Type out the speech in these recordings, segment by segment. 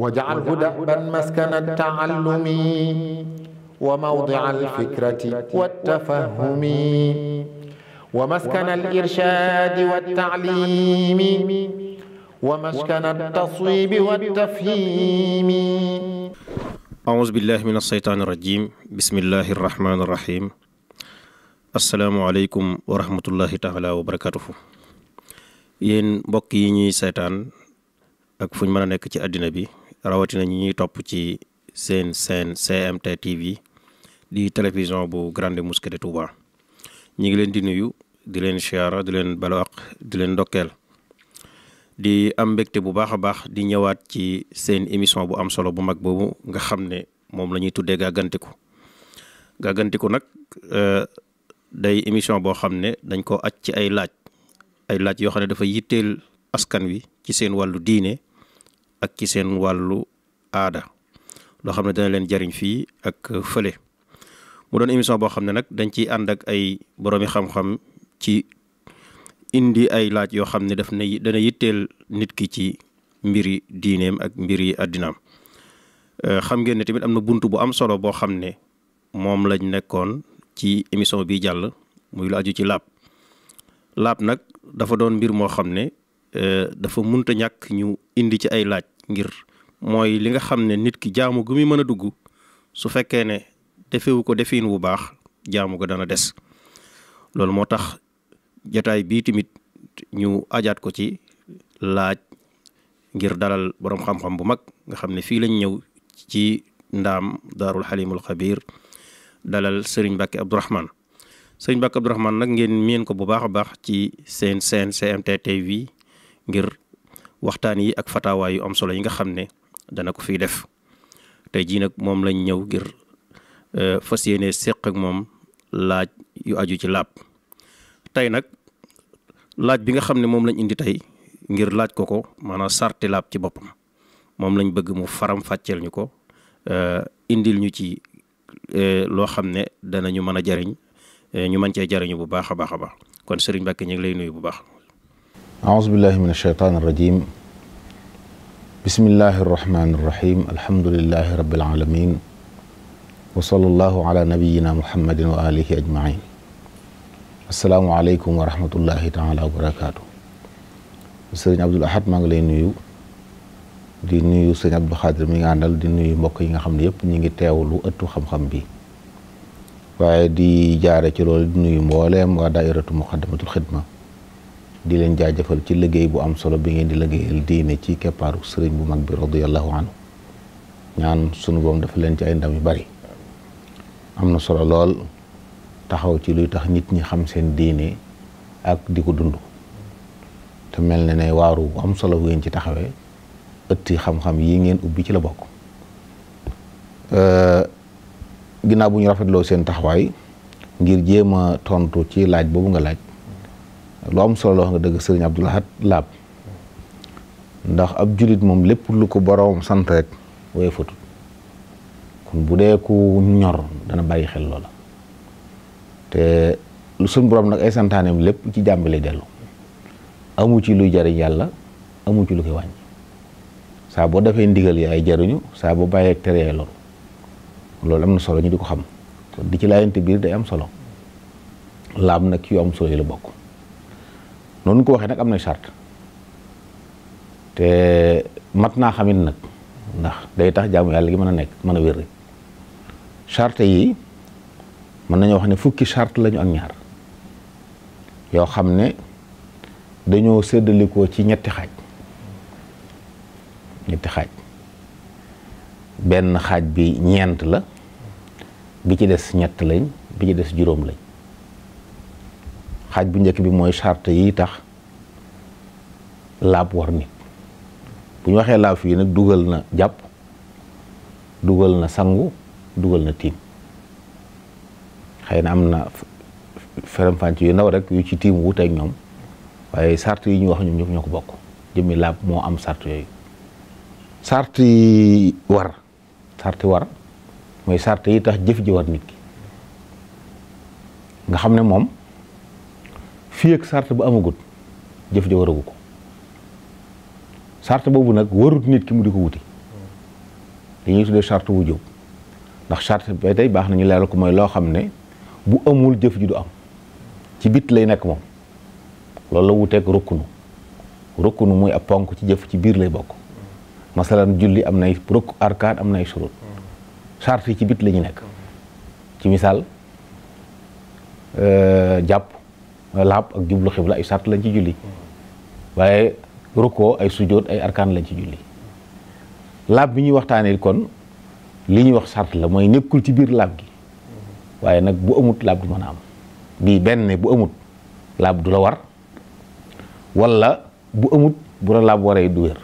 واجعله دأبا مسكن التعلم وموضع الفكرة والتفهم ومسكن الإرشاد والتعليم ومسكن التصويب والتفهيم أعوذ بالله من الشيطان الرجيم بسم الله الرحمن الرحيم asalaamu aleykum wa rahmatullahi taala wa barakatuhu yéen mbokk yi ñuy seetaan ak fu ñu mën a nekk ci àddina bi rawatina ñi ñuy topp ci seen seen GMT TV di télévision bu Grande Mosquée de Touba ñi ngi leen di nuyu di leen siyaara di leen balu ak di leen ndokkeel di am mbégte bu baax a baax di ñëwaat ci seen émission bu am solo bu mag boobu nga xam ne moom la ñuy tuddee gàggantiku gàggantiku nag euh, day émission boo xam ne dañ ko aj ci ay laaj ay laaj yoo xam ne dafa yitteel askan wi ci seen wàllu diine ak ci seen wàllu aada loo xam ne dana leen jariñ fii ak fële mu doon émission boo xam ne nag dañ ciy ànd ak ay boroomi xam-xam ci indi ay laaj yoo xam ne daf na dana yitteel nit ki ci mbiri diineem ak mbiri àddinaam euh, xam ngeen ne tamit am na bunt bu am solo boo xam ne moom lañ nekkoon ci émission bi jàll muy lu aju ci laab laab nag dafa doon mbir moo xam ne Euh, dafa munta ñàkk ñu indi ci ay laaj ngir mooy li nga xam ne nit ki jaamu gu muy mën a dugg su fekkee ne defewu ko defin wu baax jaamu ga dana des loolu moo tax jataay bii tamit ñu ajaat ko ci laaj ngir dalal boroom xam-xam bu mag nga xam ne fii lañ ñëw ci ndaam daarul xalimul xabir dalal sëriñ Mbàkke Abdourahmane sëriñ Mbàkke Abdourahmane nag ngeen miin ko bu baax a baax ci seen seen GMT ngir waxtaan yi ak fatawaa am solo yi nga xam ne dana ko fiy def tey jii nag moom lañ ñëw ngir e, fas yéene séq ak moom laaj yu aju ci laab tey nag laaj bi nga xam ne moom lañ indi tey ngir laaj ko ko maanaam sarti laab ci boppam moom lañ bëgg mu faram fàcceel ñu ko e, indil ñu ci e, loo xam ne danañu mën a jariñ ñu mën cee jariñu bu baax a baax a baax kon Serigne Mbacke ñu ngi lay nuyu bu baax. أعوذ بالله من الشيطان الرجيم بسم الله الرحمن الرحيم الحمد لله رب العالمين وصلى الله على نبينا محمد وآله أجمعين السلام عليكم ورحمة الله تعالى وبركاته sëriñ Abdul Ahad maa ngi lay nuyu di nuyu sëriñ Abdou Khadir mi nga àndal di nuyu mbokk yi nga xam ne yëpp ñu ngi teewlu ëttu xam-xam bi waaye di jaare ci loolu di nuyu mbooleem waa daairatu muqaddamatul xidma di leen jaajëfal ci liggéey bu am solo bi ngeen di liggéeyal diine ci keppaaru sëriñ bu mag bi radiyallahu anhu ñaan sunu boom dafa leen ci ay ndam yu bari am na solo lool taxaw ci luy tax nit ñi xam seen diine ak di ko dund te mel na ne waaru am solo bu ngeen ci taxawee ëtti xam-xam yi ngeen ubbi ci la bokk ginnaaw bu ñu rafetloo seen taxawaay ngir jéem a tontu ci laaj boobu nga laaj lu am solo wax nga dëgg sëriñ Abdou Lahad laab ndax ab julit moom lépp lu ko boroom sant rek wooye fatut kon bu dee ku ñor dana bàyyi xel loola te lu suñ borom nag ay santaaneem lépp ci jàmm lay dellu amu ci luy jariñ yàlla amu ci lu koy wàññi saa boo defee ndigal yaay jariñu saa boo bàyyee tere loolu am na solo ñu di ko xam kon di ci laayante biir day am solo laab nag yu am solo yi la bokk noonu ko waxee nag am na charte te mat naa xamit nag ndax day tax jaamu yàlla gi mën a nekk mën a wér charte yi mën nañoo wax ne fukki charte lañu ak ñaar yoo xam ne dañoo séddalikoo ci ñetti xaaj ñetti xaaj benn xaaj bi ñeent la bi ci des ñett lañ bi ci des juróom lañ xaaj bu njëkk bi mooy charte yii tax laab war nit bu ñu waxee laab fii nag dugal na jàpp dugal na sangu dugal na tiim xëy na am na feram-fànc yu ndaw rek yu ci tiim wute ñoom waaye sart yi ñu wax ñoom ñëpp ñoo ko bokk jëmmi laab moo am sart yooyu sart yi war sart war mooy sart yi tax jëf ji war nit ki nga xam ne moom fii ak sart ba amagut jëf ja waragu ko sart boobu nag warut nit ki mu di ko wuti li ñuy tuddee sart wu jóg ndax sart ba tey baax nañu ñu leeral ko mooy loo xam ne bu amul jëf ji du ci bit lay nekk moom loolu la wuteeg rukkunu rukkunu muy a ponk ci jëf ci biir lay bokk masalan julli am na rukk arkaan am nay surut sart yi ci bit la ñu nekk ci misaal euh, jàpp mooy laab ak jublu xibla ay sart lañ ci julli waaye rukkoo ay sujjóot ay arkaan lañ ci julli laab bi ñuy waxtaanee kon li ñuy wax sart la mooy nekkul ci biir laab gi waaye nag bu amut laab du mën a am bii benn bu amut laab du la war wala bu amut bu la laab waree du wér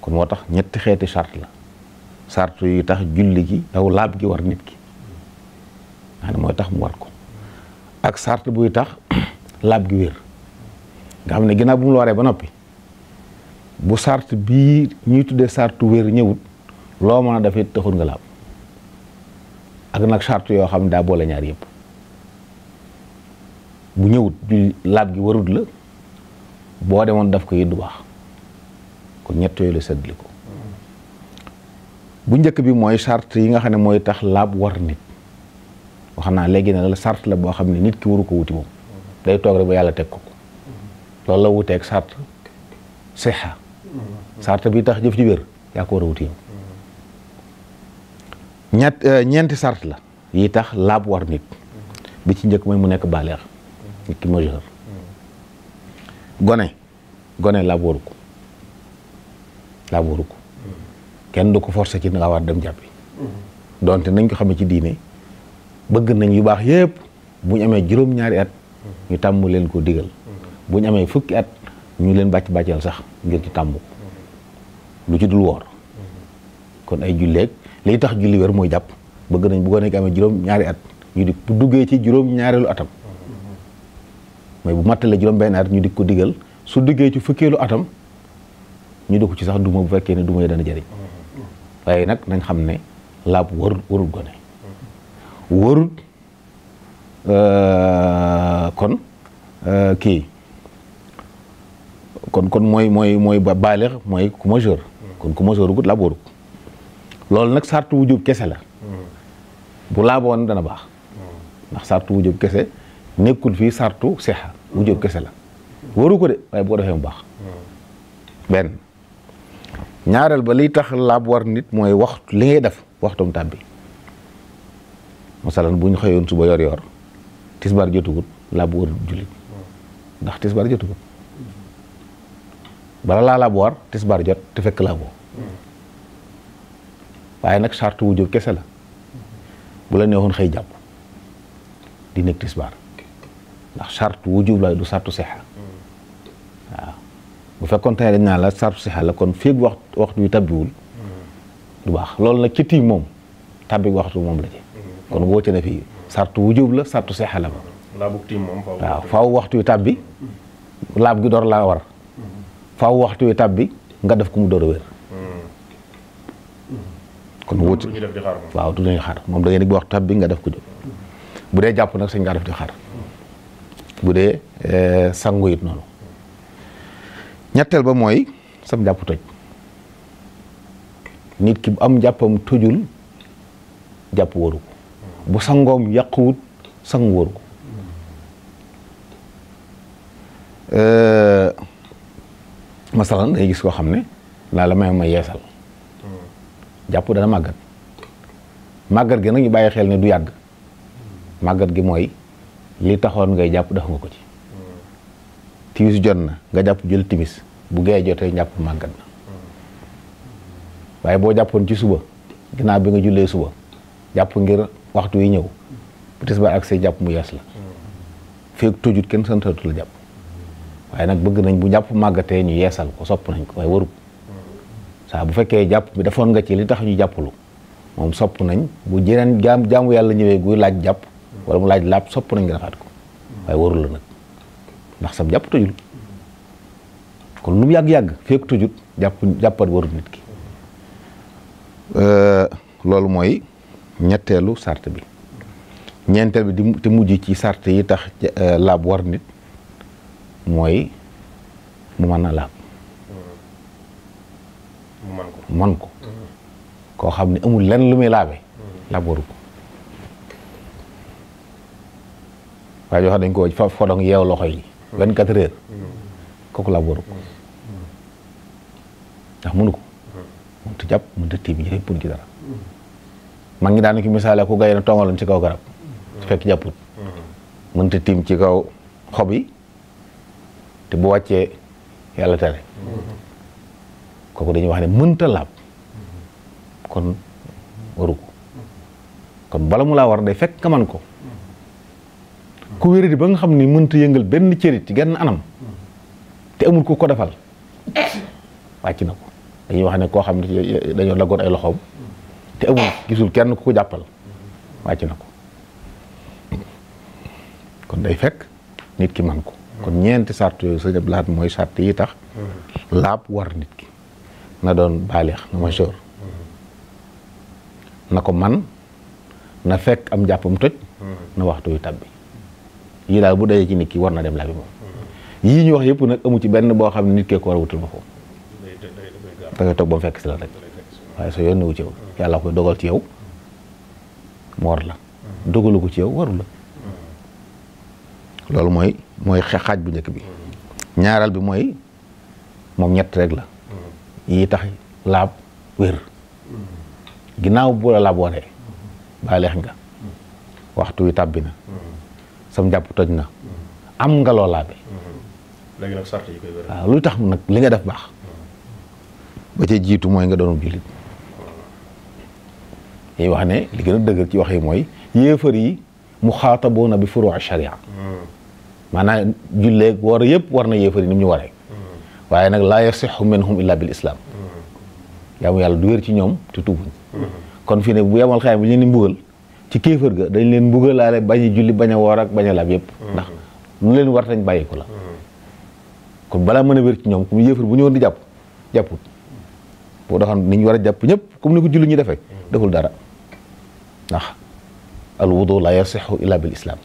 kon moo tax ñetti xeeti sart la sart yu tax julli gi aw laab gi war nit ki maanaam mooy tax mu war ko ak sart buy tax laab gi wér nga xam ne ginaa bu mu la waree ba noppi bu sart bii ñuy tuddee sartu wér ñëwut loo mën a dafay taxul nga laab ak nag sart yoo xam ne daa boole ñaar yëpp bu ñëwut ju laab gi warut la boo demoon daf ko it du baax kon ñett yooyu la séddale ko bu njëkk bi mooy sart yi nga xam ne mooy tax laab war nit wax naa léegi nag la sart la boo xam ne nit ki waru ko wuti moom day toog rek ba yàlla teg ko loolu la wuteeg sart sixa sart bi tax jëf ji wér yaa ko war a wuti yow ñett euh, ñeenti sart la yi tax laab war nit bi ci njëkk mooy mu nekk baaleex nit gone gone laab waru ko laab waru ko kenn du ko forcé ci nga war dem jàppi mm-hmm. donte nañ ko xamee ci diine bëgg nañ yu baax yëpp bu ñu amee juróom-ñaari at ñu tàmm leen ko digal bu ñu amee fukki at ñu leen bàcc bàcceel sax ngir ci tàmm lu ci dul woor kon ay julleeg liy tax julli wér mooy jàpp bëgg nañ bu ko nekk amee juróom-ñaari at ñu di duggee ci juróom-ñaareelu atam may bu mattalee juróom-benn at ñu di ko diggal su duggee ci fukkeelu atam ñu di ko ci sax duma bu fekkee ne duma yi dana jariñ waaye nag nañ xam ne laab warul warul gone wóorul euh, kon euh, kii kon kon mooy mooy mooy ba mooy ku majeur kon ku majeur gut la booru loolu nag sartu wujub kese la bu laaboon dana baax ndax sartu wujub kese nekkul fii sartu sexa wujub kese la waru ko de waaye bu ko defee baax benn ñaareel ba liy tax laab war nit mooy waxtu li ngay def waxtum tàbbi masalan bu ñu xëyoon suba yor-yor tisbaar jotugut laabu war jullit ndax tisbaar jotugut bala laa laabu war tisbaar jot te fekk laaboo waaye nag charte wu kese la bu la neexoon xëy jàpp di nekk tisbaar ndax charte wu jub la du sartu sexa waaw bu fekkoon tane dañ naa la sartu sexa la kon féeg waxtu waxtu wi tabbiwul du baax loolu nag ci tiim moom tabbi waxtu moom la ci kon woote na fi sartu wujub la sartu seexa la ma waaw faaw waxtu wi tàbbi laab gi door laa war faw waxtu wi tàbbi nga def ku mu door a wér kon mm. wóote waaw du dañu xaar moom da ngeen di waxtu tàbbi nga def ko jóg bu dee jàpp nag sañ ngaa def di xar bu dee eh, sangu it noonu ñetteel ba mooy sam jàpp toj nit ki bu am jàppam tojul jàpp waru bu sangoom yàquwut sang wóor ko euh, masalan day gis koo xam ne naa la may ma yeesal jàpp dana màggat màggat gi nag ñu bàyyi xel ne du yàgg màggat gi mooy li taxoon ngay jàpp def nga ko ci timis jot na nga jàpp jël timis bu gee jotee jàpp màggat na waaye boo jàppoon ci suba ginnaaw bi nga jullee suba jàpp ngir waxtu wi ñëw bu tis ba accès jàpp mu yees la feek tojut kenn santatu la jàpp waaye nag bëgg nañ bu jàpp màggatee ñu yeesal ko sopp nañ ko waaye warub saa bu fekkee jàpp bi defoon nga ci li tax ñu jàppalu moom sopp nañ bu jeneen jaam jaamu yàlla ñëwee guy laaj jàpp wala mu laaj laab sopp nañ nga defaat ko waaye warul la nag ndax sam jàpp tojul kon lu yàgg-yàgg feek tojut jàpp jàppat warul nit ki euh, loolu mooy ñetteelu sart bi ñeenteel bi di te mujj ci sart yi tax euh, laab war nit mooy mu mën a laab man ko koo xam ni amul lenn lu muy laabe laab waru ko waaye yoo xam dañ ko fa yeew loxo yi vingt quatre heures kooku laab waru ko ndax mënu ko mm-hmm. mënut jàpp mënut tiim yëpp pour dara mag ñi daanaka misaale ko gay na tongaloon ci kaw garab mm-hmm. fekk jàpput mm-hmm. mënta tiim ci kaw xob yi te bu wàccee yàlla tane mm-hmm. kooku dañuy wax ne mënta laab kon waru ko kon bala mu laa war day fekk nga man ko ku wéradi ba nga xam ni mënta yëngal benn cërit ci genn anam te amul ko ko defal wàcc na ko dañuy wax ne koo xam ne dañoo daggoon ay loxoom te amul gisul kenn ku ko jàppal wàcc na ko kon day fekk nit ki man ko kon ñeenti sart yooyu sëñ Abdou Lahad mooy sart yi tax laab war nit ki na doon baalix na majeur na ko man na fekk am jàppam toj na waxtu yu tàbbi yii daal bu dajee ci nit ki war na dem labi moom yii ñu wax yëpp nag amu ci benn boo xam ne nit kee ko war a wutal ba foofu da ngay ba mu fekk si la rek waaye sa yoon wu ci yow yàlla koy dogal ci yow mu war la dogalu ko ci yaw waru loolu mooy mooy xaaj bu njëkk bi ñaareel bi mooy moom ñett rekk la yi tax laab wér ginnaaw bu la laab waree baa leex nga waxtu wi tàbbi na sam njàpp toj na am nga loo laabe léegi nag sart lu tax nag li nga def baax ba ca jiitu mooy nga doonu jullit dañuy wax ne li gën a dëgër ci wax yi mooy yéefar yi mu xaataboona bi furuu sharia maanaam julleeg war a yëpp war na yéefar yi ni mu ñu waree waaye nag laa yasixu minhum illa bil islam yaamu yàlla du wér ci ñoom te tuubuñ kon fi ne bu yamal xayam bi ñu ni mbugal ci kéefër ga dañ leen mbugalaale bañ a julli bañ a woor ak bañ a laab yëpp ndax lu leen war tañ bàyyiku la kon balaa mën a wér ci ñoom ku yéefar bu ñëwoon di jàpp jàpput boo doxoon ni ñu war a jàpp ñëpp comme ni ko julli ñu defee deful dara ndax al wudu la yasixu illa bil islam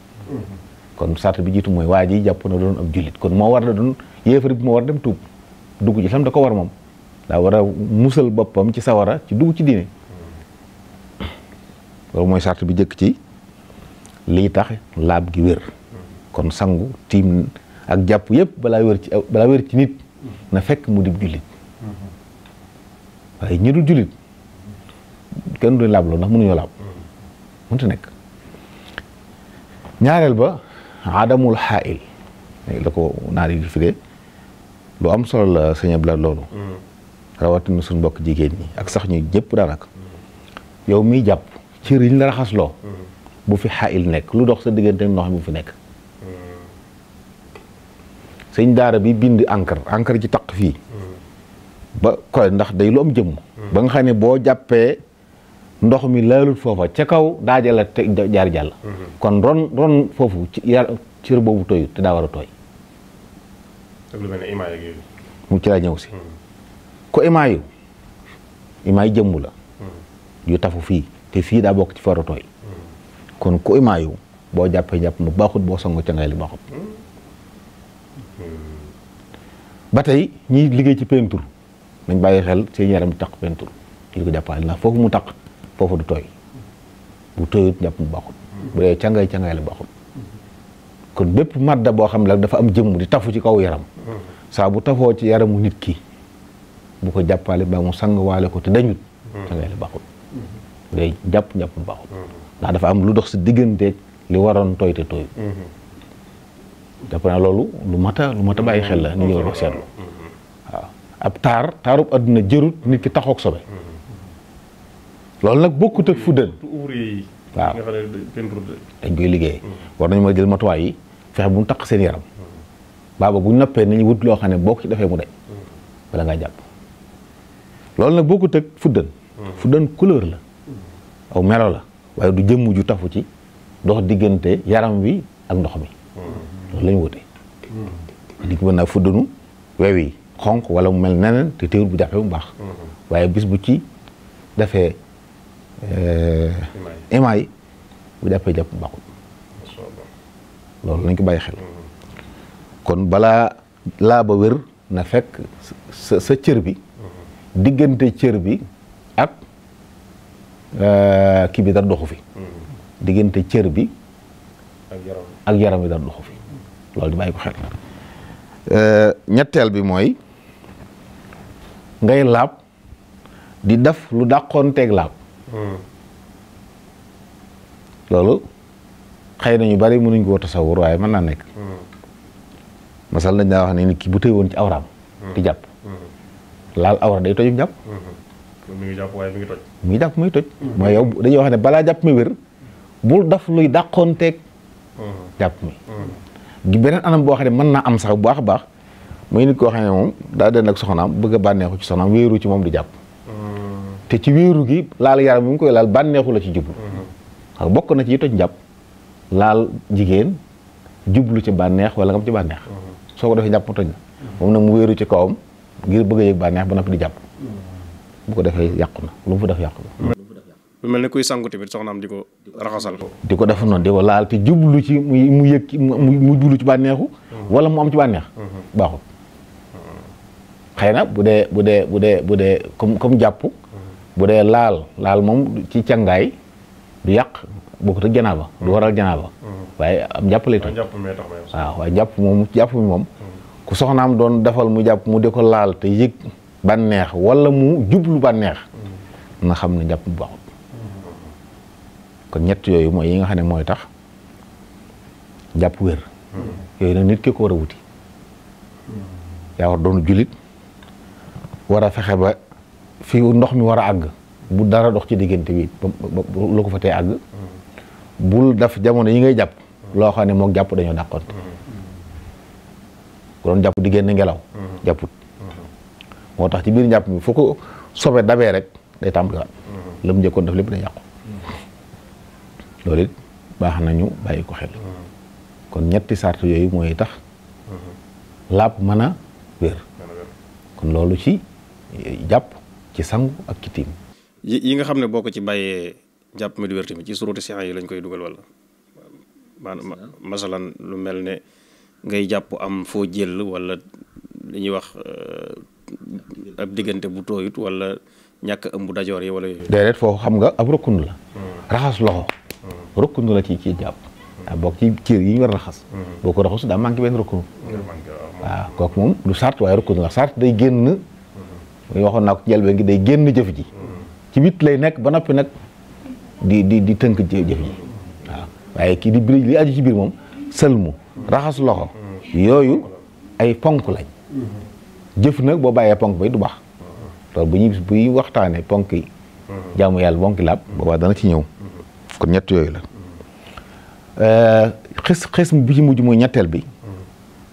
kon sart bi jiitu mooy waa ji jàpp na doon ab jullit kon moo war da doon yéefar bi moo war dem tuub dugg ci islam da ko war moom daa war a musal boppam ci sawara ci dugg ci diine loolu mooy sart bi jëkk ci lii tax laab gi wér kon sangu tiim ak jàpp yëpp bala wér ci ci nit na fekk mu dib jullit waaye ñi du jullit kenn du laab loolu ndax mënuñoo laab mënta nekk ñaareel ba adamul xaayil la ko naar lu am solo la sëñ Abdoulaye loolu mm. rawatina suñ mbokk jigéen ñi ak sax ñu ñëpp daanaka yow miy jàpp cër yi la raxasloo mm. bu fi xaayil nekk lu dox sa diggante ndox mi bu fi nekk mm. sëñ daara bi bind encre encre ci taq fii ba koy ndax day lu am jëmm ba nga xam boo jàppee ndox mi laalul foofa ca kaw daa jëla jaar jàll mhm. kon ron ron foofu ci yar cër boobu tooyul te daa war a tooy mu ci laa ñëw si mhm. ko imaayu imaay jëmm la mhm. yu tafu fii te fii daa bokk ci fa war kon ko imaayu boo jàppee jàpp mu baaxut boo songo ca ngay li baaxut ba tey ñiy liggéey ci peinture nañ bàyyi xel seen yaram taq peinture di ko jàppale ndax foofu mu taq foofu du tooy bu tooyut njàpp mu bu dee cangay cangay la baaxul kon bépp màdda boo xam ne dafa am jëmm di tafu ci kaw yaram saa bu tafoo ci yaramu nit ki bu ko jàppale ba mu sang waale ko te dañut cangay la baaxul bu dee jàpp njàpp mu ndax dafa am lu dox si digganteeg li waroon tooy te tooyut jàpp loolu lu mat lu mat bàyyi xel la nit ñi war ko seetlu waaw ab taar taarub àdduna jërut nit ki taxoog sobe loolu nag bokkut ak fuddeen. ouvrier yi. waaw dañ koy liggéey. Hmm. war nañu ma jël matuwaay yi fexe bu mu taq seen yaram. Hmm. baaba bu ñu noppee nañu wut loo xam ne boo ko ci defee mu day wala hmm. ngaa jàpp loolu nag bokkut ak fuddeen. fuddeen couleur la. aw melo la waaye du jëmm ju tafu ci dox diggante yaram wi ak ndox mi. loolu la wute. di ko mën naa fuddenu wew xonq wala mu mel neneen te teewul bu jàppee mu baax. waaye bis bu ci defee. imaam euh, yi bu jàppee jàpp baaxul loolu nañ ko bàyyi xel kon balaa laa ba wér na fekk sa sa cër bi diggante cër bi ak euh, kii bi dara doxu fi diggante cër bi ak yaram bi dara doxu fi loolu di bàyyi ko xel euh, ñetteel bi mooy ngay laab di def lu dàqoon teeg laab Hmm. loolu xëy na ñu bari mënuñ koo tasawur waaye mën naa nekk. Hmm. masal dañ daa wax ne nit ki bu tëy woon ci awraam. Hmm. di jàpp. laal awra day tojum jàpp. mi ngi jàpp waaye toj. mi jàpp muy toj. mooy yow dañuy wax ne balaa jàpp mi wér bul daf luy dàqoonteeg. jàpp mi. gi beneen anam boo xam ne mën naa am sax bu baax a baax muy nit koo xam ne moom daa den ak soxnaam bëgg a bànneexu ci soxnaam wéeru ci moom di jàpp. te ci wéeru gi laal yaram bi mu koy laal bànneexu la ci jublu xam mm-hmm. bokk na ci toj njàpp laal jigéen jublu ci bànneex wala nga am ci bànneex mm-hmm. soo ko defee njàpp mu moom nag mu wéeru ci kawam ngir bëgg bànneex ba noppi di jàpp mm-hmm. bu ko defee yàqu na lu mu fa def yàqu na lu mel ne kuy sangu tamit soxnaam di ko raxasal ko di ko def noonu di ko laal te jublu ci mu yëg mu jublu ci bànneexu wala mu am ci bànneex baaxul xëy na bu dee bu dee bu dee bu dee comme comme jàpp bu dee laal laal moom ci cangaay du yàq bokkut ak janaaba du hmm. waral janaaba hmm. waaye am jàpp lay waaw waaye jàpp moom jàpp moom hmm. ku soxnaam doon defal mu jàpp mu di ko laal te yëg bànneex wala mu jublu bànneex na xam ne jàpp mu baaxut kon ñett yooyu mooy yi nga xam ne mooy tax jàpp wér yooyu nag nit ki war a wuti yaa war doon julit war a fexe ba fi ndox mi war a àgg bu dara dox ci diggante bi lu ko fa tee àgg bul daf jamono yi ngay jàpp loo xam ne moom jàpp dañoo dàqonte jàpp di génn ngelaw jàpput moo tax ci biir njàpp mi foo ko sobe dabee rek day tàmbaliwaat njëkkoon daf lépp day yàqu loolu it baax nañu bàyyi ko ñetti sart yooyu mooy tax laab mën a wér kon loolu ci jàpp ci sangu ak ci yi nga xam ne boo ko ci bàyyee jàpp ma di wér tamit ci suruti si yi lañ koy dugal wala. maanaam masalan lu mel ne ngay jàpp am foo jël wala li ñuy wax euh, ab diggante bu tooyut wala ñàkk ëmb dajoor yi wala yooyu. déedéet foofu xam nga ab rëkkund la. raxas loxo. rëkkund la ci ci jàpp. waaw bokk ci cër yi ñu war a raxas. Hmm. boo ko raxasu daa manqué benn rëkkund. waaw kooku moom du sart waaye rëkkund la sart day génn. waxoon naa nag ci njëlbéen day génn jëf ji ci bit lay nekk ba noppi nag di di di tënk jëf ji waaw waaye kii di biir li aju ci biir moom sëlmu raxas loxo yooyu ay ponk lañ jëf nag boo bàyyee ponk ba du baax loolu bu ñuy buy waxtaanee ponk yi jaamu yàlla ponk laab boobaa dana ci ñëw kon ñett yooyu la euh, xis xis bi ci mujj mooy ñetteel bi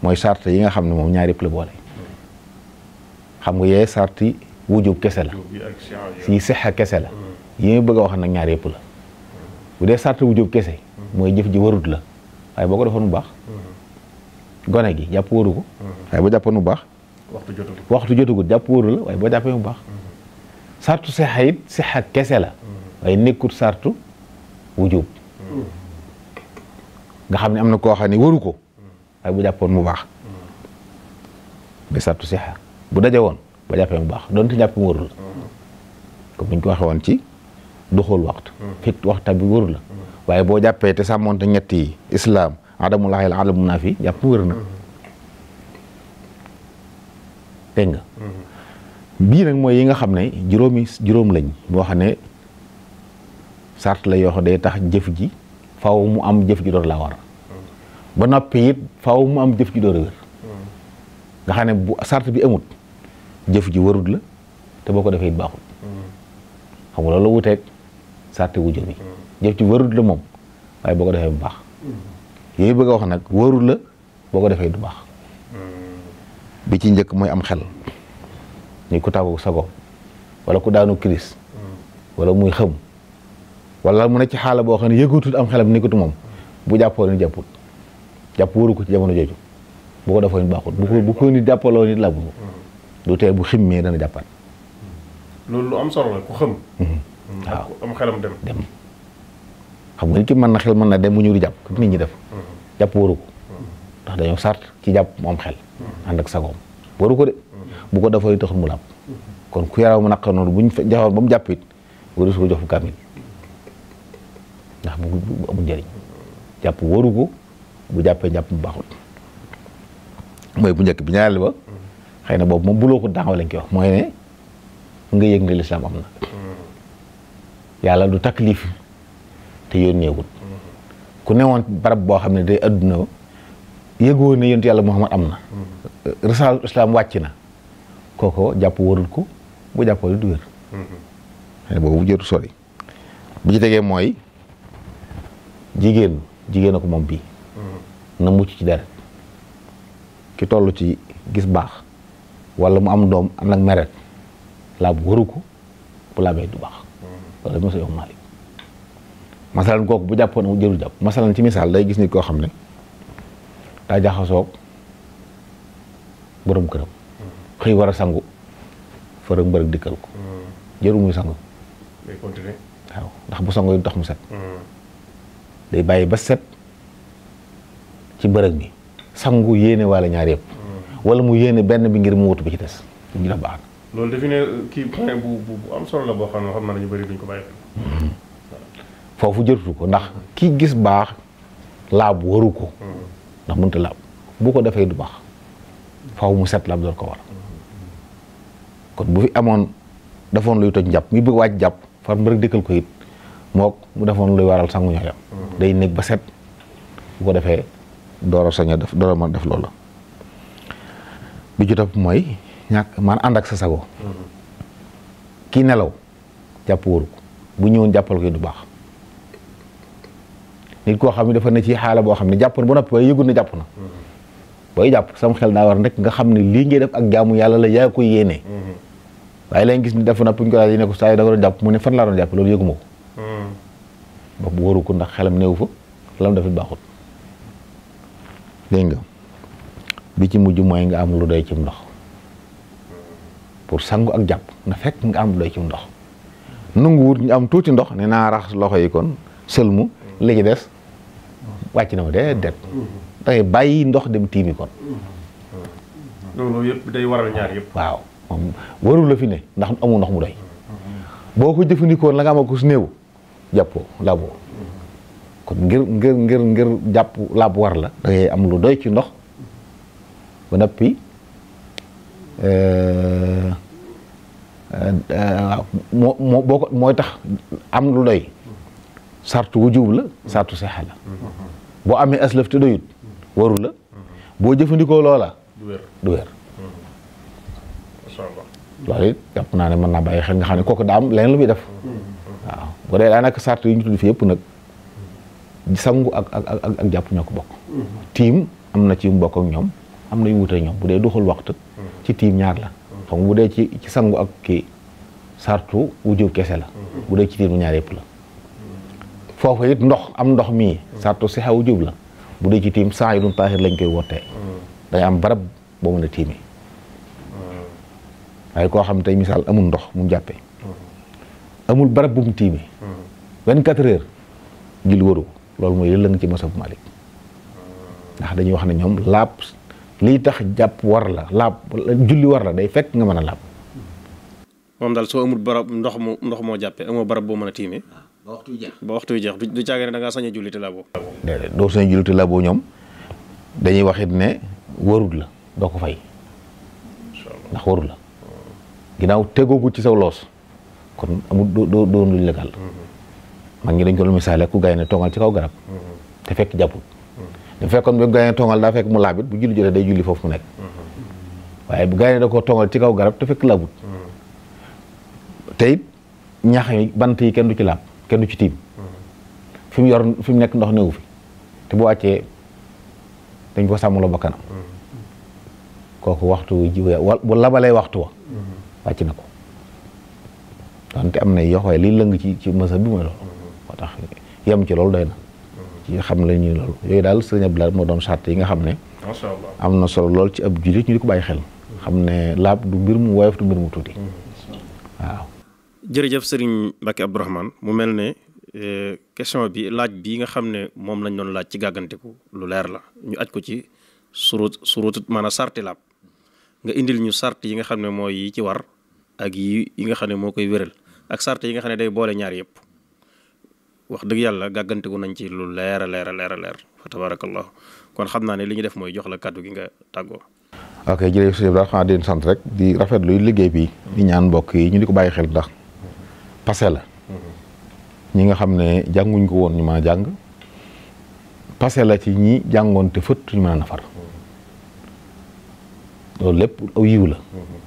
mooy sart yi nga xam ne moom ñaari yëpp la boole xam nga yee sarti wujub kese la si sexa kese la hmm. yi ma bëgg a wax nag ñaar yëpp la hmm. bu dee sarti wujub kese hmm. mooy jëf ji warut la waaye boo ko defoon bu baax gone gi jàpp wóoru ko waaye jàppoon bu baax waxtu jotugut jàpp wóoru la waaye boo jàppee bu baax sartu sexa it sexa kese la waaye nekkut sartu wujub nga xam ne am na koo xam ne waru ko waaye bu jàppoon mu baax mais sartu sexa bu daje woon ba jàppee mu baax donte jàpp mu warul la woon ci duxul waxtu fekk waxta la waaye boo jàppee te sàmmoonte ñett yi islaam adamu laxel adamu naa fi jàpp mu wër na dégg nga bii nag mooy yi nga xam ne juróomi juróom lañ boo xam ne sart la yoo xam day tax jëf ji faw mu am jëf ji door laa war ba noppi it faw mu am jëf ji door a wér nga xam ne bu bi amut jëf ji warut la te boo ko defee it baaxul xam nga loolu wuteeg sàrte wu jëf yi jëf ji warut la moom waaye boo ko defee bu baax yooyu bëgg a wax nag warut la boo ko defee du baax bi ci njëkk mooy am xel ni ku tàggu sago wala ku daanu kiris wala muy xëm wala mu ne ci xaala boo xam ne yëgutul am xelam nekkatu moom bu jàppoo ni jàpput jàpp waru ci jamono jooju boo ko defoo ni baaxut bu ko bu ko ni jàppaloo nit làggu du tee bu ximmee dana jàppaat. loolu lu am solo la ku xam. Mm-hmm. Mm-hmm. waaw ku am dem. xam nga ki mën na xel mën na dem mu ñëw di jàpp nit ñi def. Mm-hmm. jàpp waru ko. dañoo sart ci jàpp mu am xel. ànd waru ko de. bu ko dafay taxul mu làpp. kon ku yaraw mu naqar noonu bu ñu fa joxoon ba mu jàpp it su ko jox fu kaamil jàpp waru ko bu jàppee jàpp mu baaxut mooy bu njëkk bi ñaareel ba. xëy na boobu moom buloo ko daaw lañ koy wax mooy ne nga yëg ne lislaam am na yàlla du taklif te yónneewul ku newoon barab boo xam ne day adduna yëgoo ne yonent yàlla Muhammad am na risaalu islaam wàcc na kooko jàpp warul ko bu jàppoo du wér xëy na boobu bu jëtu sori bi ci tegee mooy jigéen jigéen ko moom bii na mucc ci deret ki toll ci gis baax wala mu am doom ànd ak meret laab waru ko bu laabee du baax loolu mos a yow Malick masalan kooku bu jàppoon mu jëru jàpp masalan ci misaal day gis nit koo xam ne daa jaxasoog borom këram xëy war a sangu fërëg mbërëg dikkal ko jëru muy sangu day ndax bu sangu yi tax mu set hmm. day bàyyi ba set ci bërëg bi sangu yéene wala ñaar yëpp wala mu yéene benn bi ngir mu wutu bi ci des ñu def baax na. loolu defi ne kii point bu am solo la boo xam ne xam na ñu bëri duñ ko bàyyi mhm. foofu jërutu ko ndax kii gis baax laab waru ko. Mhm. ndax mënut a laab bu ko defee du baax faaw mu set laab doon ko war kon bu fi amoon defoon luy toj jàpp mi bëgg wàcc jàpp far mu rek dëkkal ko it mook mu defoon luy waral sangu ñooyam mhm. day néeg ba set bu ko defee door a sañ a def door a def loolu. bi ci topp mooy ñàkk man ànd ak sa sago kii nelaw jàpp wóoru bu ñëwoon jàppal ko du baax nit koo xam ne dafa ne ci xaala boo xam ne jàpp na ba noppi waaye yëgul na jàpp na booy jàpp sam xel daa war rek nga xam ne lii ngay def ak jaamu yàlla lay yaa koy yéene waaye lañ gis ni dafa na puñ ko daal di ne ko saa yi da jàpp mu ne fan laa doon jàpp loolu yëguma ko hmm. ba bu ko ndax xelam néew fa lam dafa baaxut nga bi ci mujj mooy nga am lu doy cim ndox pour sangu ak jàpp na fekk nga am lu doy cim ndox nanguwut ñu am tuuti ndox ne naa raxas loxo yi kon sëlmu li des wàcc na ma déedéet dangay bàyyi ndox dem tiimi kon loolu yëpp day waral ñaar yëpp waaw moom warul la fi ne ndax amul ndox mu doy boo ko jëfandikoo la nga am ko su néew jàppoo labo kon ngir ngir ngir ngir jàpp lab war la dangay am lu doy ci ndox ba noppi euh, euh, moo moo mooy tax am lu doy sartu wujub la sartu sexa la boo amee aslaf te doyut waru la boo jëfandikoo loola du wér jàpp naa ne mën naa bàyyi xel nga xam ne kooku daa am leneen lu muy def waaw bu dee daanaka sart yi ñu tudd fi yëpp nag sangu ak ak jàpp ñoo ko bokk mm-hmm. tiim am na ci mbokk ak ñoom am na yu wutee ñoom bu dee duxul waxtu ci tiim ñaar la xam bu dee ci ci sangu ak kii sartu wujub kese la bu dee ci tiim ñaar yëpp la foofu it ndox am ndox mii sartu sixa wujub la bu dee ci tiim saa yi dun taahir lañ koy wootee day am barab boo mën a tiimi waaye koo xam tey misaal amul ndox mu jàppe amul barab bu mu tiimi vingt-quatre heures jil loolu mooy li lëng ci masab Malik ndax dañuy wax ne ñoom laab lii tax jàpp war la laab julli war la day fekk nga man a laab. moom daal soo amul barab ndox mu ndox moo jàppee amoo barab boo mën a tiimee. Ah, ba waxtu wi jeex ba waxtu wi jeex du caage ne da ngaa julli te laaboo. doo sañ a julli te laaboo ñoom dañuy wax ne warut la doo ko fay. ndax warut la. ginnaaw tegoogu ci saw loos. kon amul doo doo doon luñ la gàll. Mm-hmm. mag ñi dañ ko doon misaale ku gaay ne toogal ci kaw garab. Mm-hmm. te fekk jàpput. bu fekkoon bu gaynde tongal daa fekk mu laabit bu julli jotee day julli foofu mu nekk waaye bu gaynde da ko tongal ci kaw garab te fekk laabut te it ñax yi bant yi kenn du ci laab kenn du ci tiim fi mu yor fi mu nekk ndox néewu fi te bu wàccee dañ ko sàmmuloo ba kanam kooku waxtu jiw bu labalee waxtu wa wàcc na ko donte am na yox waaye liy lëng ci ci mësa bi mooy loolu moo tax yem ci loolu day na ci xam la ñuy loolu yooyu daal sëriñ Abdoulaye moo doon sart yi nga xam ne macha am na solo lool ci ab jullit ñu di ko bàyyi xel xam ne laab du mbir mu woyof du mbir mu tuuti waaw jërëjëf sëriñ Mbacke Abdourahmane mu mel ne eh, question bi laaj bi nga xam ne moom lañ doon laaj ci gàgganteku lu leer la ñu aj ko ci surut surut a sarti laab nga indil ñu sart yi nga xam ne mooy yi ci war ak yi yi nga xam ne moo koy wéral ak sart yi nga xam ne day boole ñaar yëpp wax dëgg yàlla gàgganteku nañ ci lu leer a leer a leer a leer fa tabarakallahu kon xam naa ne li ñu def mooy jox la kàddu gi nga tàggoo. ok jërëjëf sëñ Ibrahima sant rek di rafetlu liggéey bi di ñaan mbokk yi ñu di ko bàyyi xel ndax passé la ñi nga xam ne jànguñ ko woon ñu ma a jàng passé la ci ñi jàngoon te fët ñu mën a nafar loolu lépp aw la mm-hmm.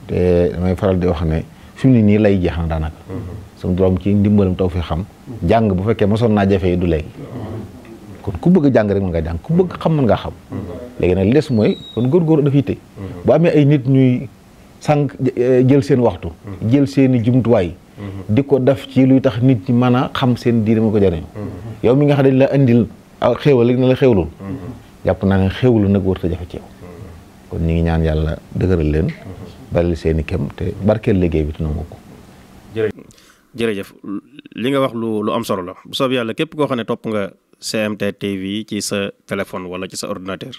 te damay faral di wax ne fi mu ne nii lay jeex daanaka mm-hmm. suñu borom ci ndimbalam taw fi xam jàng bu fekkee mosoon naa jafe du léegi kon ku bëgg jàng rek mën ngaa jàng ku bëgg xam man ngaa xam léegi nag li mooy kon góorgóorlu dafay tëj bu amee ay nit ñuy sànq eh, jël seen waxtu jël seen i jumtuwaay di ko def ci luy tax nit ñi mën a xam seen diine ma ko jariñ yow mi nga xam dañ la indil xéewal rek na la naa ne xéewlu nag warta jafe ci kon ñu ngi ñaan yàlla dëgëral leen baril seeni i kem te barkeel liggéey bi te nangu ko jërëjëf li nga wax lu lu am solo la bu soob yàlla képp koo xam ne topp nga GMT TV ci sa téléphone wala ci sa ordinateur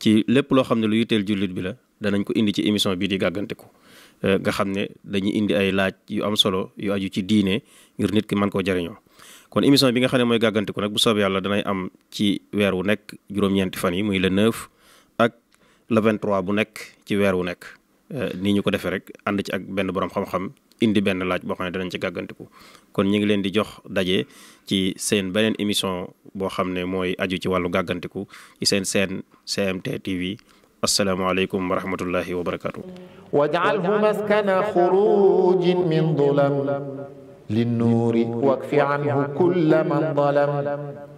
ci lépp loo xam ne lu yitteel jullit bi la danañ ko indi ci émission bii di gàggantiku eh, nga xam ne dañuy indi ay laaj yu am solo yu aju ci diine ngir nit ki mën koo jariñoo kon émission bi nga xam ne mooy gàggantiku nag bu soobee yàlla danay am ci weer wu nekk juróom-ñeenti fan yi muy le 9 ak le 23 bu nekk ci weer wu nekk Euh, nii ñu ko defee rek ànd ci ak benn boroom xam-xam indi benn laaj boo xam ne danañ ci gàggantiku kon ñu ngi leen di jox daje ci seen beneen émission boo xam ne mooy aju ci wàllu gàggantiku ci seen seen CMT TV asalaamaaleykum wa rahmatullahi wa barakaatu. waj'alhu maskana xurujin min dulam linnuuri wakfi anhu kulla man